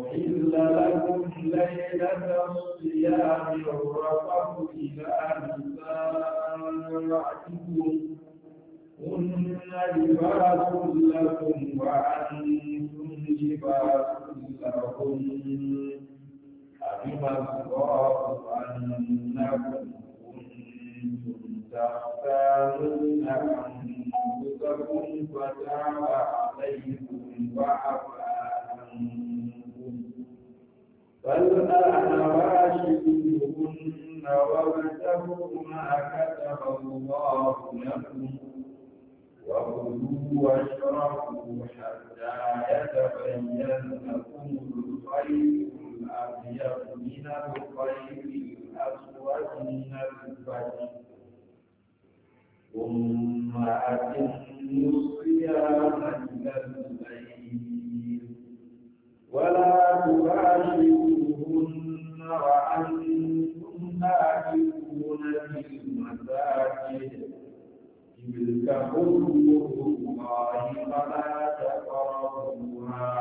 أحل لكم ليلة الصيام الرفق إلى نسائكم هن لباس لكم وأنتم لباس لهم علم الله أنكم كنتم تختارون أنفسكم فتاب عليكم وعفا عنكم Basirana ba shi bingubu nawa batakoma a wa kunyar ku? Wabudu ba shi ba ku kusha da na kungo ya aza ta وأنتم ماكثون في المساجد تلك حدود الله فلا تقربوها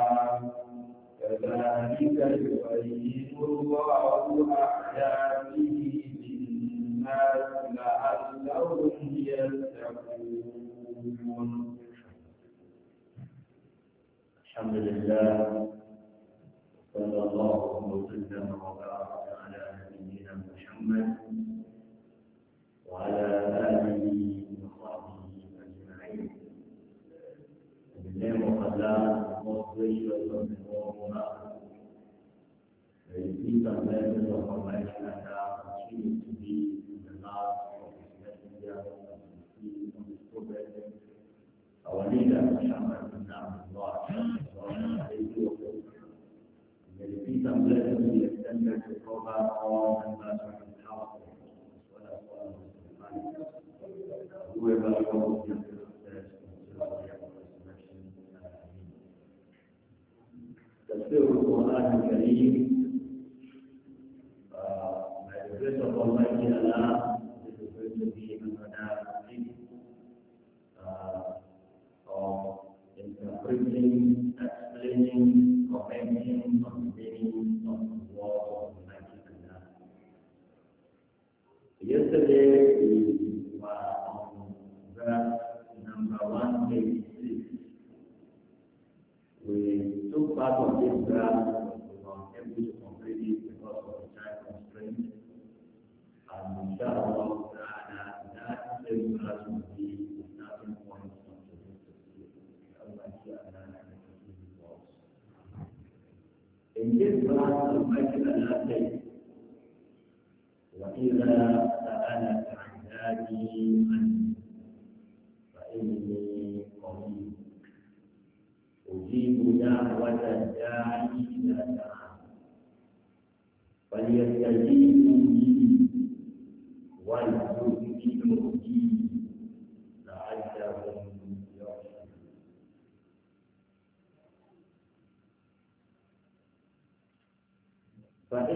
كذلك يبين الله آياته للناس لعلهم يتقون الحمد لله صلى الله وسلم وبارك على نبينا محمد وعلى آله وصحبه أجمعين بالله وقدام مصري وصلى فيجب أن لا يتوقف على تشير به الناس وفي أو leader إن امرأة فكذا وإذا سألك عبادي عني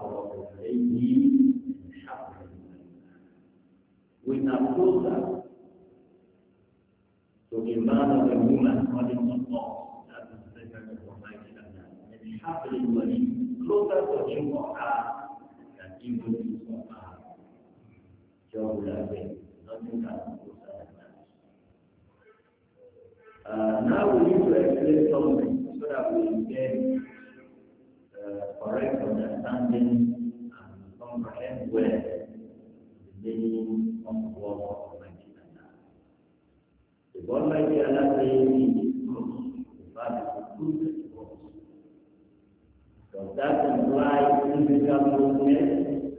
أقرب إليه من حبل We to woman And closer to he be that. Uh, now we need to explain something. correct understanding and comprehend well the meaning of the word of Almighty Allah. The word Almighty Allah says in His the Father who proved it was. Does that imply physical movement?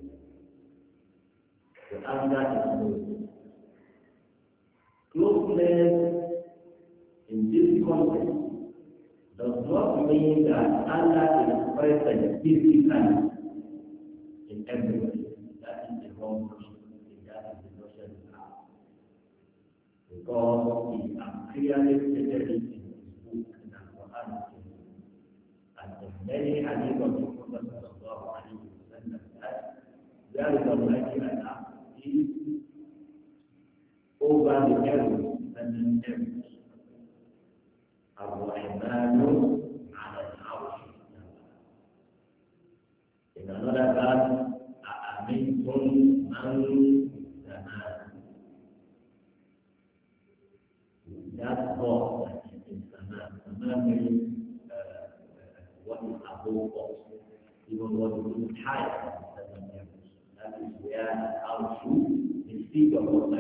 The answer is no. Closeness in this context does not mean that Allah is person physically in every way. That is the wrong person. That is the person now. Because he has clearly stated it in his book and Quran. And the many hadith of the Prophet sallallahu alayhi wa sallam that there is almighty Allah is over the heavens and the heavens. الرحمن was entire That is where our the speaker of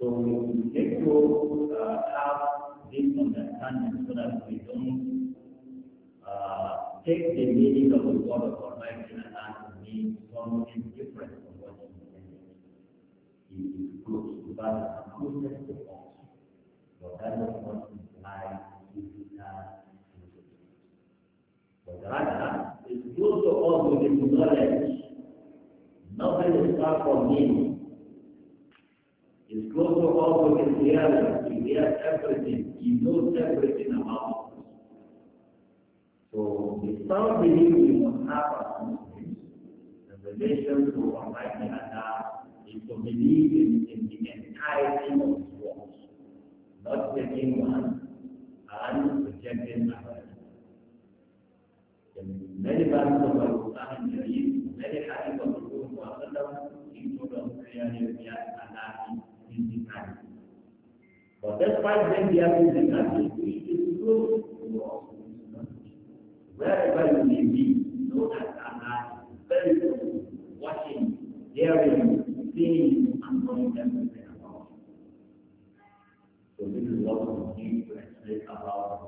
So we need to uh, have this understanding so that we don't uh, take the meaning of the word of Almighty Allah to mean something different from what is intended. It is good, but it's to us. But that is what implies But rather, it's good to all with his knowledge. Nothing is far from him. It's good to all with his reality. He hears everything. He knows everything about us. So the sound belief we must have as Muslims, the relation to Almighty Allah, is to believe in, in the entirety of his works, not taking one and rejecting another many verses of the Quran and many hadith of the Prophet he told us prayer and Allah the But despite when we in the country, it is good to us. Wherever you may be, know that Allah is very good, watching, hearing, seeing, and knowing everything about you. So this is what we need to explain about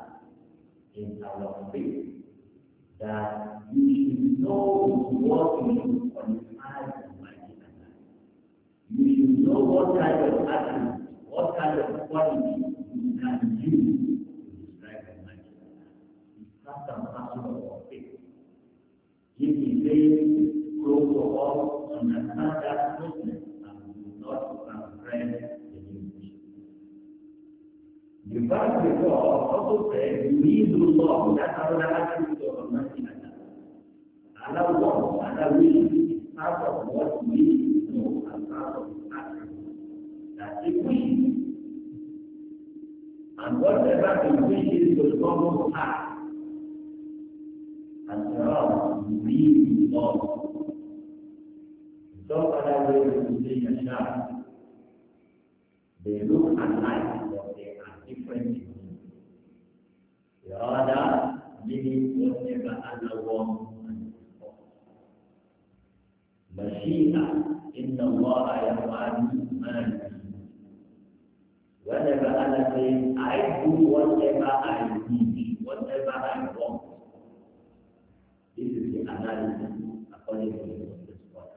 in our faith that you should know what you qualify for mighty Allah. You should know what kind of attribute, what kind of quality you can use to describe Almighty Allah. It's part and parcel of our faith. If he says, close to all But the God also said, need Allah, that's the attribute of Almighty Allah. Allah Allah will, part of what we part of And whatever the wish is the come to And there are need Allah. So Allah will be a They look at life. شيئا إن الله يفعل ما يريد whenever Allah says, I do whatever I need, whatever I want. This is the analysis according to this one.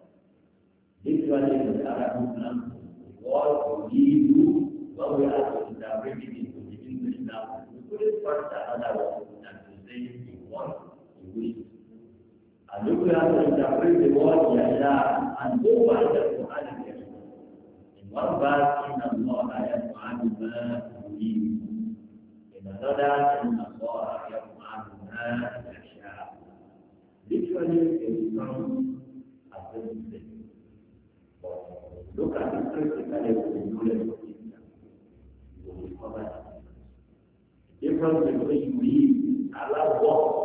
This one is the Arabic What we do, what we are to interpret it into the English language. another one than to say in and if we have to interpret the word Yahya and go by the Quran in one verse, in Allah, I am Muhammad In another, in Allah, I am Muhammad Yahya. Literally, it sounds the But look at it the knowledge of Islam. You will the difference between these. Allah walks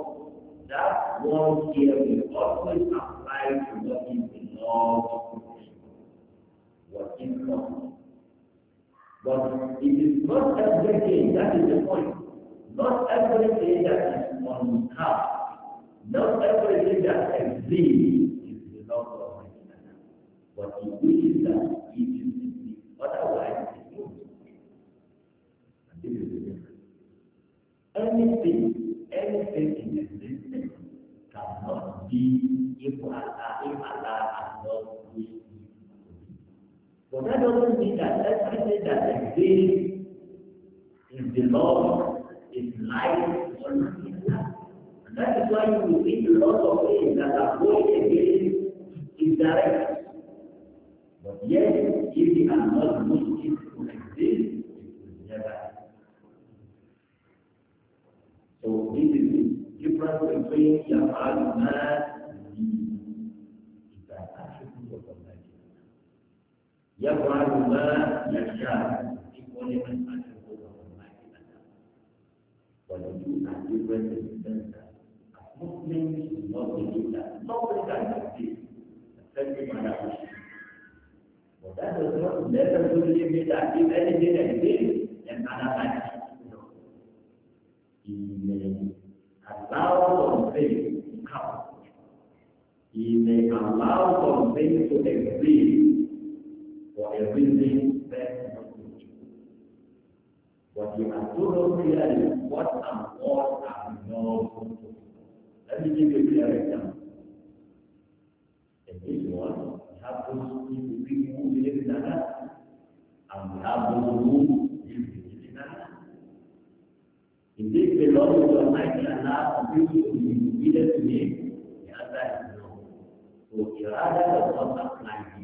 that one here will always apply to what is the law of what is wrong. But it is not everything, that is the point. Not everything that is on top, not everything that exists is the law of Krishna. But he wishes that it is exists, otherwise it won't. And this is the difference. Anything be equal if Allah has not made But that doesn't mean that everything that exists is the law, is life, or nothing And that is why we will a lot of things that are going in is direct. But yet, if you are not Muslim to exist, it will never So this is the difference between your yaf'alullah yasha' ikone menfa'al Allah taala walau ada berita tentang mukmin mukmin kita mukmin kita tapi mana pun dan itu dalam suri ini tak kita ini dia ini yang mana lagi ini kalau konflik kau ini kalau konflik itu ekstrim everything that you But you are told clearly what and what are not. Let me give you a clear example. In this one, we have those who believe in and we have those who believe in Allah. Indeed, the Lord is Almighty and be obedient to Him. The answer is no. So, Irada does not apply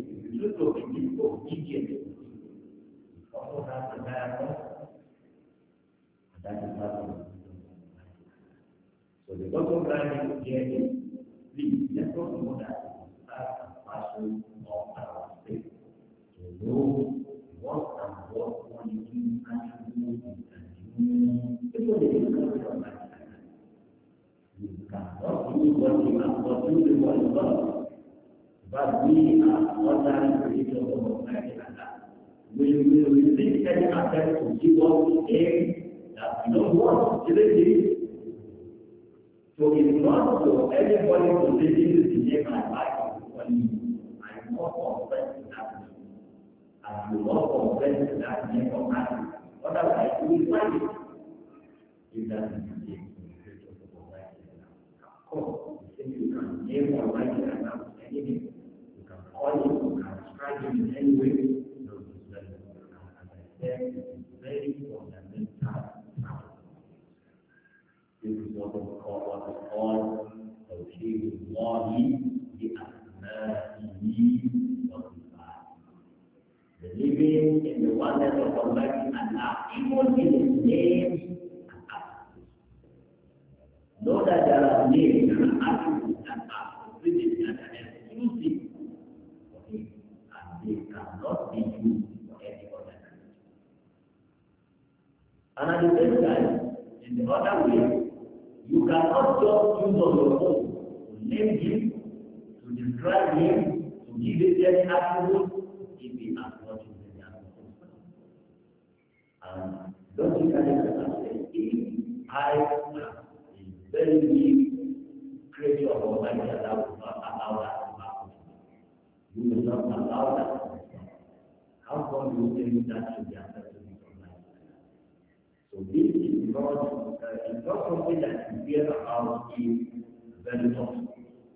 之所以能够理解这个事情，包括他怎么样的，但是他怎么，所以包括他这个建议，理解说什么呢？他发生好大的对，就如我想我我已经三十五岁了，这个人可是要蛮强的，你看，我如果你看我就是我一个。But we are ordinary creatures of Almighty Allah. We will resist any attempt to give up the aim that we don't want, to not it? So it's not for anybody to listen to the name I like for you. I'm not confessed to that name. I will not confess to that name of Allah. Otherwise, you will find it. If that is the case, the creatures of Almighty Allah. Of course, you think you can name Almighty Allah any name all you are struggling in any way, those as I said, it is very fundamental now. This is what we call what is called توحيد الله بأسمائه وصفاته. Living, in the oneness of Almighty Allah, even in His name and Know that there are names and And at the same time, in the other way, you cannot just use on your own to name him, to describe him, to give it any attribute if he has not used any attribute. And logically, I can say, if I am a very big creature of Almighty Allah, will not allow that to happen. You will not allow that to happen. How come you think that should be accepted? So this is not, uh, it's not something that you hear about in very often.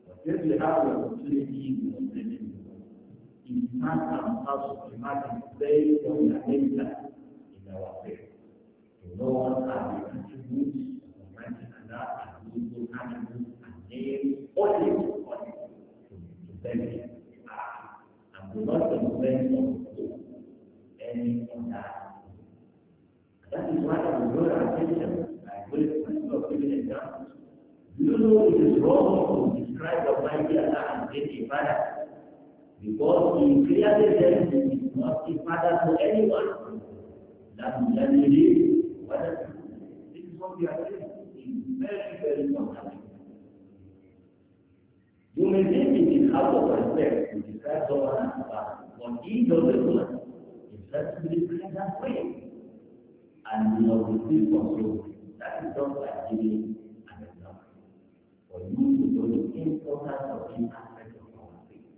But if you have the opportunity, to must take it. It's part and parcel, it's part in our faith. So no one has the attributes of Almighty that, and these attributes and names, Only, this, all to beg it. And not complain of any of that. That is why I draw your attention. I will of giving examples. Do you know it is wrong to describe Almighty Allah as being a father? Because he clearly says he is not a father to anyone. That is what This is what we are saying. It is very, very important. You may think it is out of respect to describe someone as a father, but he doesn't want himself to describe that way. and you know the deep of soul. That is just like giving an example. For you to know the importance of the aspect of our faith.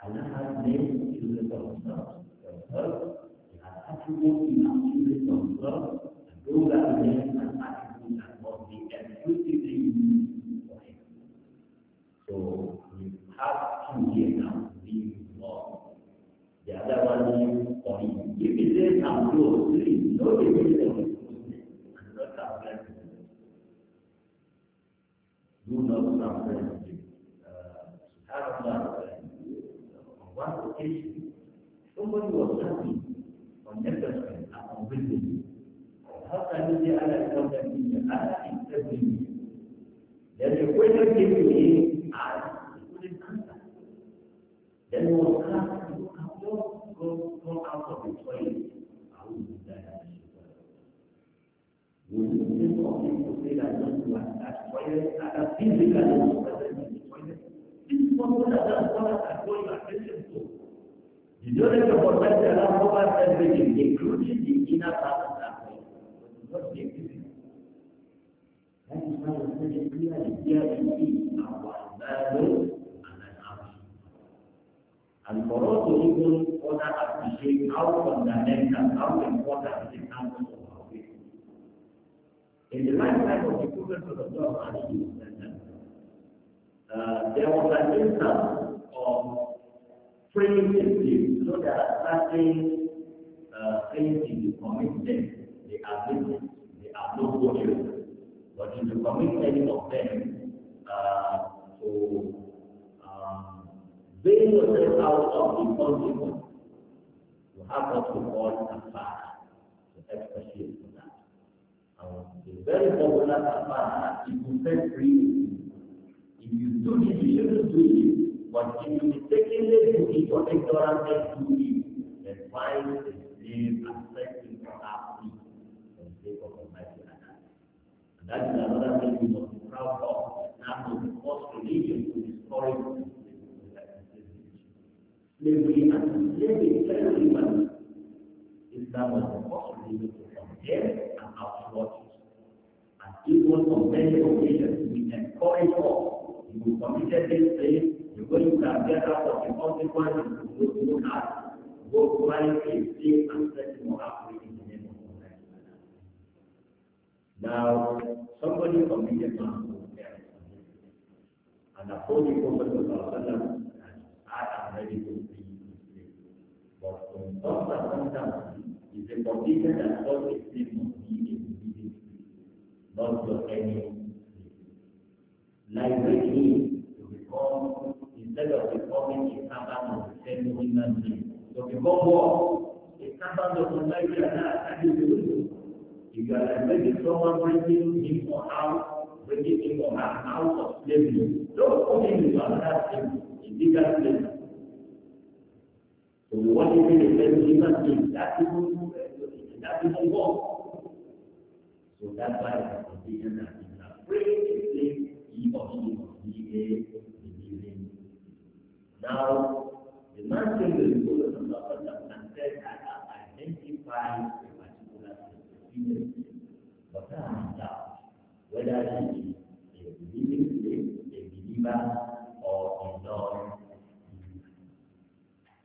Allah has made children of God. For us, he has in our children of God, and those that we have somebody was happy on Nebraska and on Wisdom. How can you say Allah is not happy? Allah is helping you. Then the question came to him and he couldn't answer. Then he was cast to go out, go, go out of the toilet. I will be that Would you think of him to say that those who are that toilet, that are physically present in the toilet? This is what Allah is going to The knowledge of Almighty Allah covers including the inner part of the heart. That is why I said it clearly, here indeed our value and an action. And for us to even further appreciate how fundamental, how important the counsel of our faith In the lifetime of the children of the Lord, uh, there was an instance of freeing the know that certain uh, things in the commitment, they are business, they are no good But if you commit any of them uh, to um, yourself out of the consequence, to have what we call a fast, the expertise for that. Um, the very popular kafara if you set free. If you do this, you shouldn't do it. But if you mistakenly do it or ignorant do it, and why is this accepting for our for the sake of Almighty Allah? And that is another thing we must be proud of. That was the first religion to destroy slavery and slavery everyone. Islam was the first religion to condemn and outlaw it. And even on many occasions, we encourage all you committed this sin, you're going to the consequences and set more up in the name of Now, somebody committed one and the Holy Prophet ready to be But in some circumstances, it's a condition that all Islam must be in not just any like with him to become, instead of becoming a servant of the same human being, to become what? A servant of the Allah, that is the You can imagine someone bringing him or out, bringing him or her out of slavery. Don't put him into another thing, in bigger place. So we want to be the same human being. That is that is what? So that's why the condition has been afraid to now, the man came to the Buddha and said, I have identified a particular experience, but I am doubt whether he is a believing slave, a believer, or a non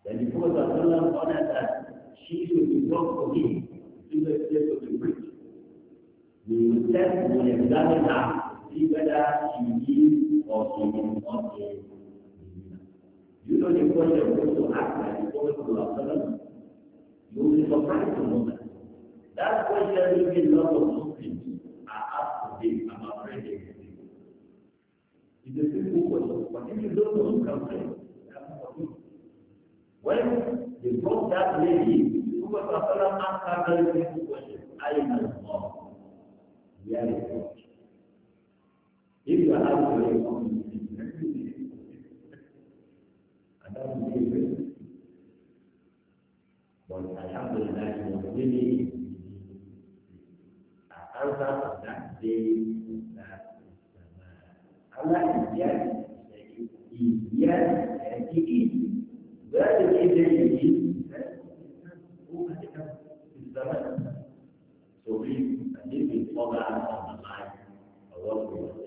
Then the Prophet ordered that she should be brought to him, to the place of the bridge. We will test and examine her whether he is or he is not a human. You know the question we have to ask when we come back to the observance? We will be surprised to know that. That question is a lot of people are asking today. I'm afraid they can't. It is a big question. But if you don't know the question, you have to ask yourself. When the world has made it, you must ask yourself a lot of people when they are in a small reality. إذا أردت الإمام أدام الإبل والحمد لله مؤمنين أرض أبدان لا السماء على إيجاد إيجاد أكيد ذلك إليه هو الزمن تريد أن يبقى طبعا على الله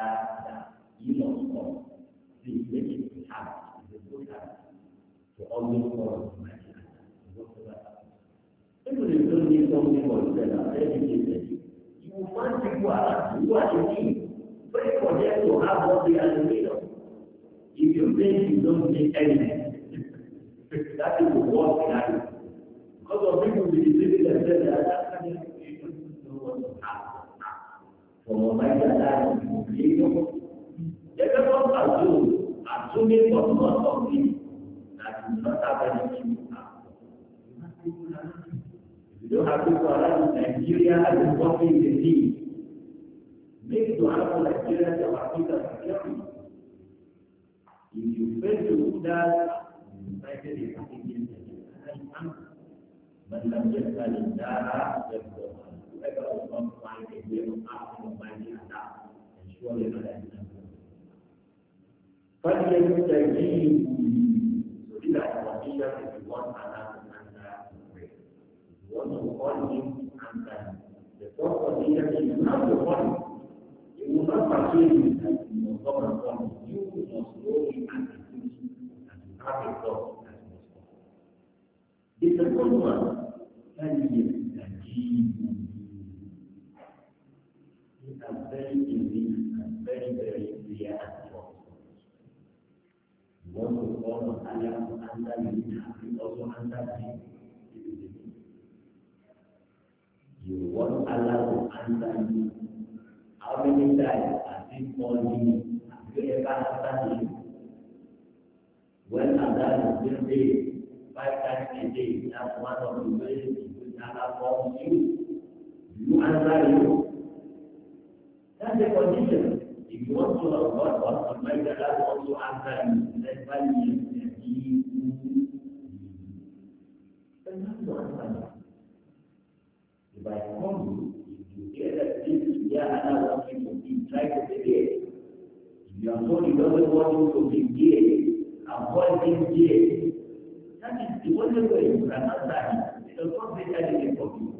that, that you know the relationship we have in the good habit to always follow the People who don't need something for themselves are You will find people around you who are in need. Pray for them to have what they are in need of. If you think you don't need anything, that is the worst scenario. Because of people who believe themselves, they are como vai dar um filho azul azul é por uma família na minha casa de chuva eu acho que agora o Nigeria é um pouco indecis mesmo do lado da Nigeria que é uma coisa que mereka harus memperbaiki dia mengapa memperbaiki anda dan semua dia pada kita. Pada yang ini, kita akan kita berjuang pada anda mereka. Want to call him anda. The first one is that you have to call him. You must not forget him that you must not call him. You must know him and the truth and you Thank you. very easy and very, very clear and possible. You want to call on Allah to answer you, you have to also answer him. You want Allah to answer you. How many times has he called you? Have you ever answered him? When Allah is busy, five times a day, that's one of the ways in which Allah calls you. You answer you. That's the condition. If you want to love God, God Almighty Allah also answer you. That's to answer If I call you, if you hear that this is yeah, Allah wants you to be, try to forget. If you are told He doesn't want you to be gay, avoid being gay. That is the only way you can answer Him. It does not anything for you.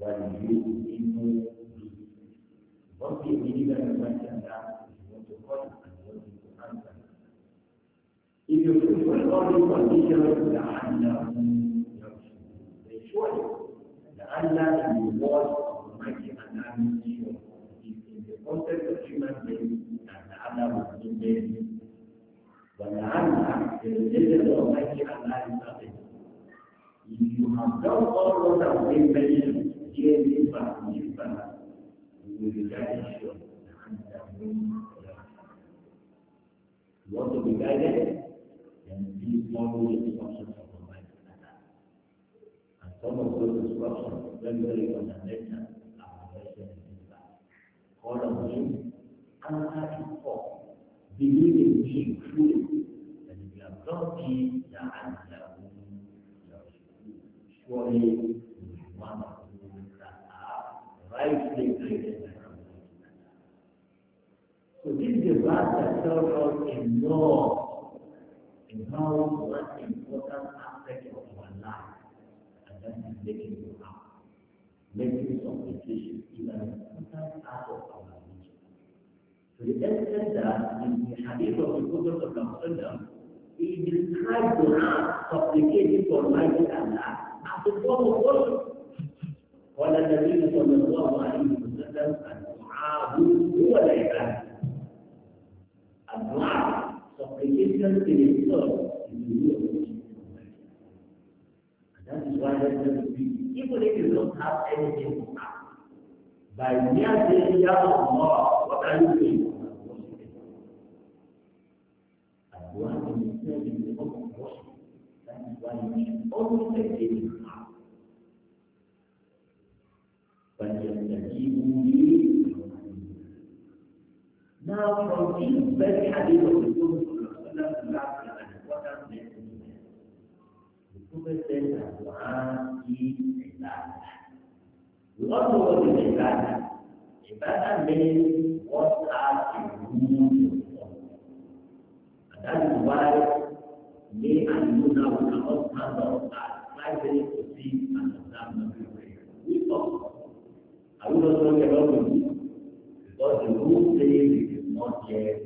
وليؤمنوا به What what you want and what you If you fulfill all the conditions, the Allah they the Allah is the world of Almighty is If in the context of human beings, the Allah will be made. But the Allah, the religion Almighty Allah If you have done all what has been ujenzi kujipa uwezeshaji be guided? Then some of those instructions, very, very fundamental, you serve us in law in how important aspect of our life, and that is making dua, making supplication is an important part of our religion. So the extent that in the hadith of the Prophet of Muhammad, he described dua supplicating for Almighty Allah as a form of worship. قال النبي صلى الله عليه وسلم الدعاء هو adalah sophistication filter di dunia dan suara yang lebih ibu ini belum have anything to ask banyak dari Allah kepada ini Tuhan menyebutnya di dalam kompos dan Tuhan ini untuk menjadi hal banyak Now, from these very hadith of the Prophet what are they to The Prophet says that Quran is ibadah. We all know what is ibadah. Ibadah means what has the rules And that is why me and you now cannot stand up at five to see and understand the prayer. We talk. I will not talk about it because the rules say not yet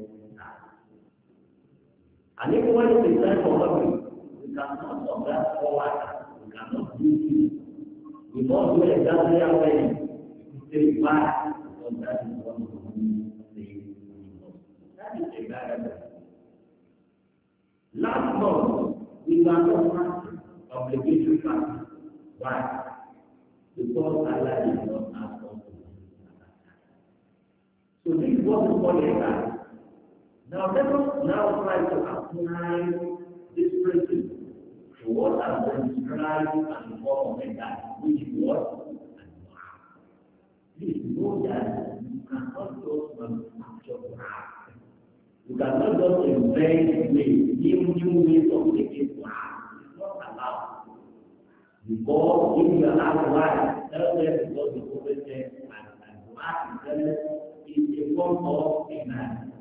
And if one is designed for loving, we cannot observe forward, we cannot do it. We must do exactly our way. We stay back, because that is what we say. That is a guidance. Last month, we were not practicing obligatory practice. Why? Because Allah is not So this is what we call a Now let us now try to apply this principle to what has been described and form of that, which is what? Please know that you cannot just manufacture Quran. You cannot just invent ways, new new ways of making Quran. It's not allowed. Because if you allow life, tell them because the Prophet said, and, and Quran is is a form of iman.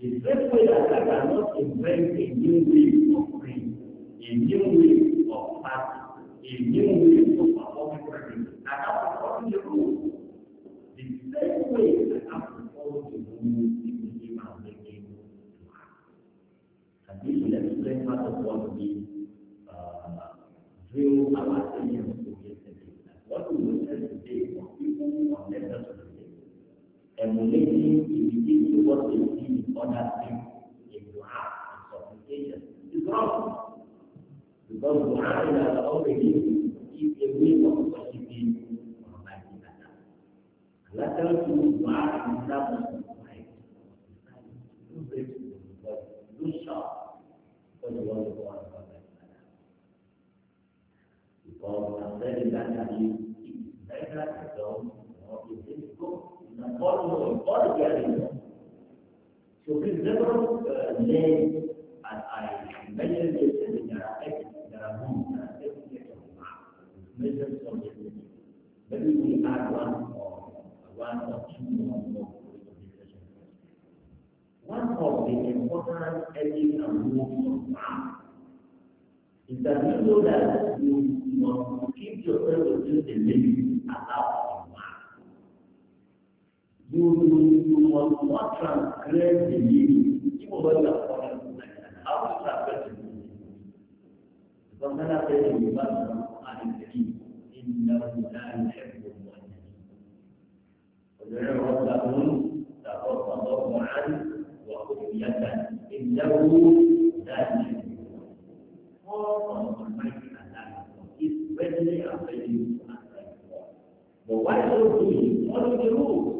The same way that I cannot invent a new way of praying, a new way of fasting, a new way of performing prayer, I have to follow the rules. The same way I have to follow the rules in the game I'm making to And this will explain part of what we uh, our attention to yesterday. what we will say? today for people who emulating imitating what they see in other people in dua and supplication is wrong. Because dua in already is a way of worshiping Almighty Allah. Allah tells you dua is right. Do because do the word of God Almighty Allah. Because that it is good all, all together. So these several uh, I mentioned this, and there X, there are rooms, there are X, X, measures Maybe we add one or one or two more to the discussion. One of the important ethics and of is that you know that you must keep yourself within the you will, you will not transgress the limit, even though you are following like that. How to transgress the limit? Because Allah said in the Bible, Quran is the key. إِنَّهُ لَا يُحِبُّ الْمُعْتَدِينَ وَجَعَلَ رَبَّهُمْ تَخَفَّ ضَرْبًا وَخُفْيَةً إِنَّهُ لَا the الْمُعْتَدِينَ All of Almighty Allah is readily available to us. But why should we follow the rules?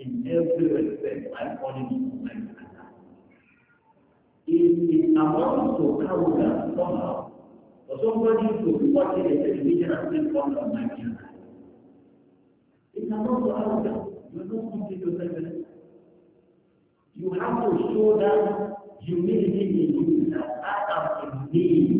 in every respect by calling him Almighty If it amounts to arrogance somehow for somebody to watching a television and on, my Almighty Allah. It amounts to arrogance. You are not complete yourself. You have to show that humility in you that I am need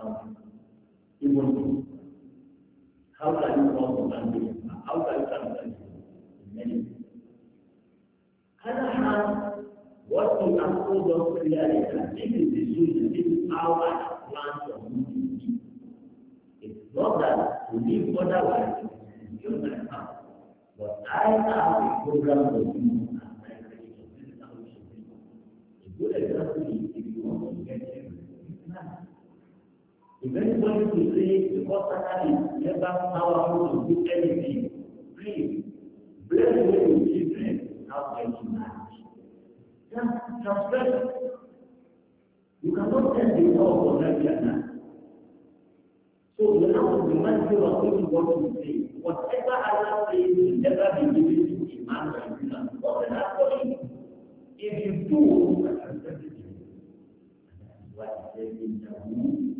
sound. Even how can you cross the language? How can you translate in many ways? Other hand, what we have told us clearly that this is the solution, this is how I plan for you to It's not that to live otherwise is beyond my power. But I have a program for you and I have a is for you A good example If anybody to say, because Satan is never powerful to do anything, please, bless me your children, not getting married. just transgression. You cannot tell the law for that So you have to remind you of what you say. Whatever Allah says will never be given to a man or a woman. What is that for If you do, you are transgressing. That's why it in the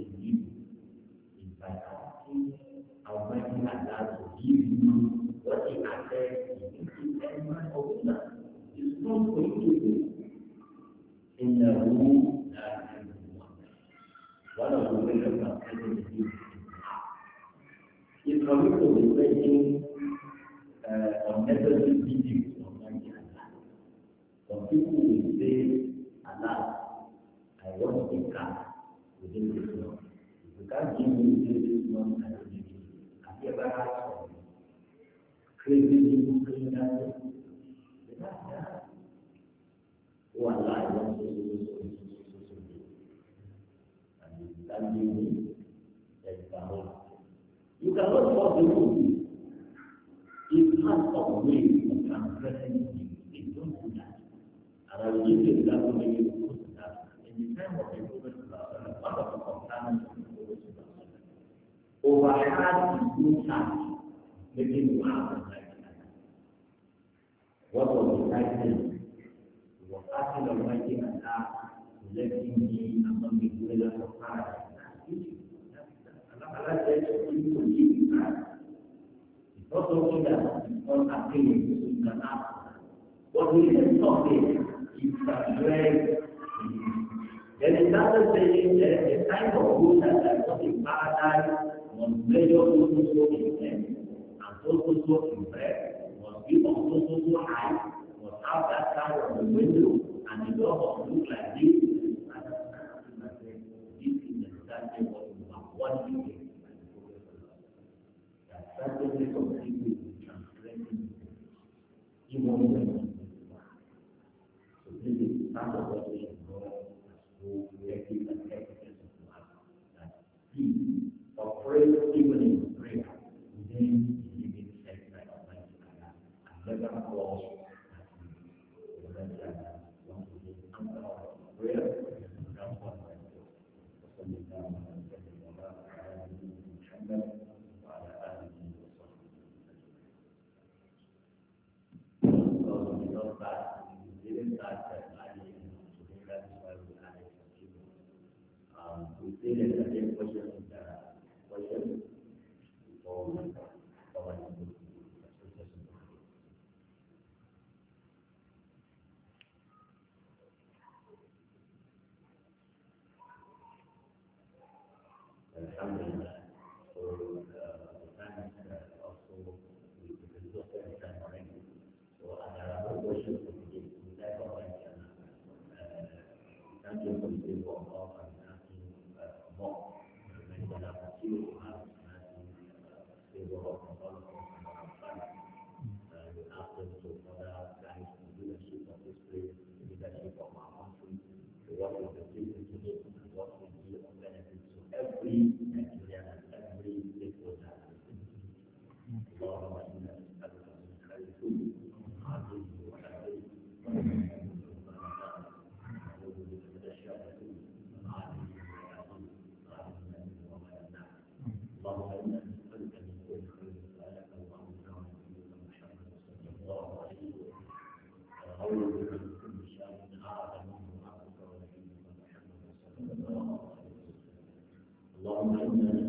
إنه لا يحب ولا يحب If coming to the question uh, on necessary beliefs of Almighty Allah, some people will say, Allah, I want a car within this law. you can't give me within this law, I will give Have you ever heard of crazy people وجدت له من يكون إن كان وحيد وقف القرآن وبحال يوسع لكن معه وقف الحاكم وقاتل الرجل الآخر التي هي أمام الدولة القرآن على ذلك كل شيء فصل إلى أن أقيم السنة وهي الصحيحة subtract. Then another saying that the type of good that I got in paradise was measured also so in length and also so in breadth, was given also so so that kind of the window and the door look like this. This is exactly what you want. What you get. That's certainly completely translating. You won't محمد